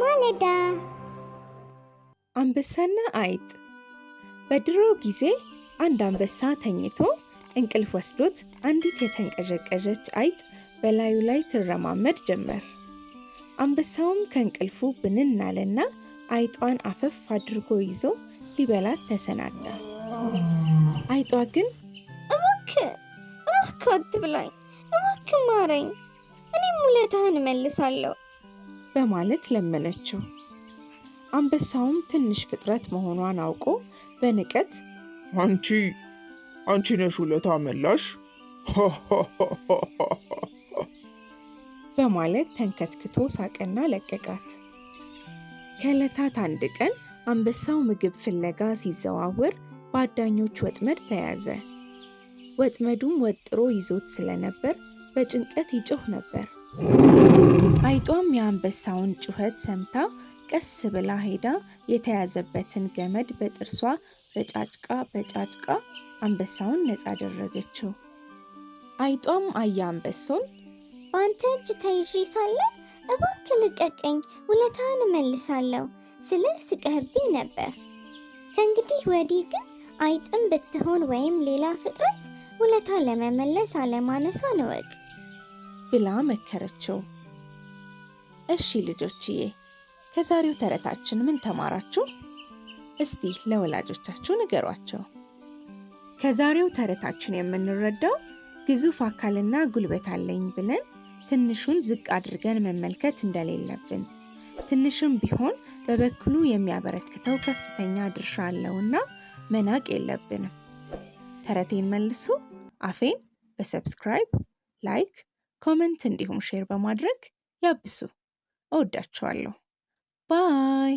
ማለዳ አንበሳና አይጥ። በድሮ ጊዜ አንድ አንበሳ ተኝቶ እንቅልፍ ወስዶት አንዲት የተንቀዠቀዠች አይጥ በላዩ ላይ ትረማመድ ጀመር። አንበሳውም ከእንቅልፉ ብንን አለና አይጧን አፈፍ አድርጎ ይዞ ሊበላት ተሰናዳ። አይጧ ግን እባክህ እባክህ አትብላኝ፣ እባክህ ማረኝ እኔም ውለታህን እመልሳለሁ በማለት ለመነችው። አንበሳውም ትንሽ ፍጥረት መሆኗን አውቆ በንቀት አንቺ አንቺ ነሽ ውለታ መላሽ በማለት ተንከትክቶ ሳቀና ለቀቃት። ከለታት አንድ ቀን አንበሳው ምግብ ፍለጋ ሲዘዋወር በአዳኞች ወጥመድ ተያዘ። ወጥመዱም ወጥሮ ይዞት ስለነበር በጭንቀት ይጮህ ነበር። አይጧም የአንበሳውን ጩኸት ሰምታ ቀስ ብላ ሄዳ የተያዘበትን ገመድ በጥርሷ በጫጭቃ በጫጭቃ አንበሳውን ነፃ አደረገችው። አይጧም አያ አንበሳውን በአንተ እጅ ተይዤ ሳለ እባክ ልቀቀኝ፣ ውለታን እመልሳለሁ ስልህ ስቀህብኝ ነበር። ከእንግዲህ ወዲህ ግን አይጥም ብትሆን ወይም ሌላ ፍጥረት ውለታ ለመመለስ አለማነሷን እወቅ። ብላ መከረችው። እሺ ልጆችዬ፣ ከዛሬው ተረታችን ምን ተማራችሁ? እስቲ ለወላጆቻችሁ ንገሯቸው። ከዛሬው ተረታችን የምንረዳው ግዙፍ አካልና ጉልበት አለኝ ብለን ትንሹን ዝቅ አድርገን መመልከት እንደሌለብን፣ ትንሽም ቢሆን በበኩሉ የሚያበረክተው ከፍተኛ ድርሻ አለውና መናቅ የለብንም። ተረቴን መልሱ። አፌን በሰብስክራይብ ላይክ ኮመንት እንዲሁም ሼር በማድረግ ያብሱ። እወዳችኋለሁ። ባይ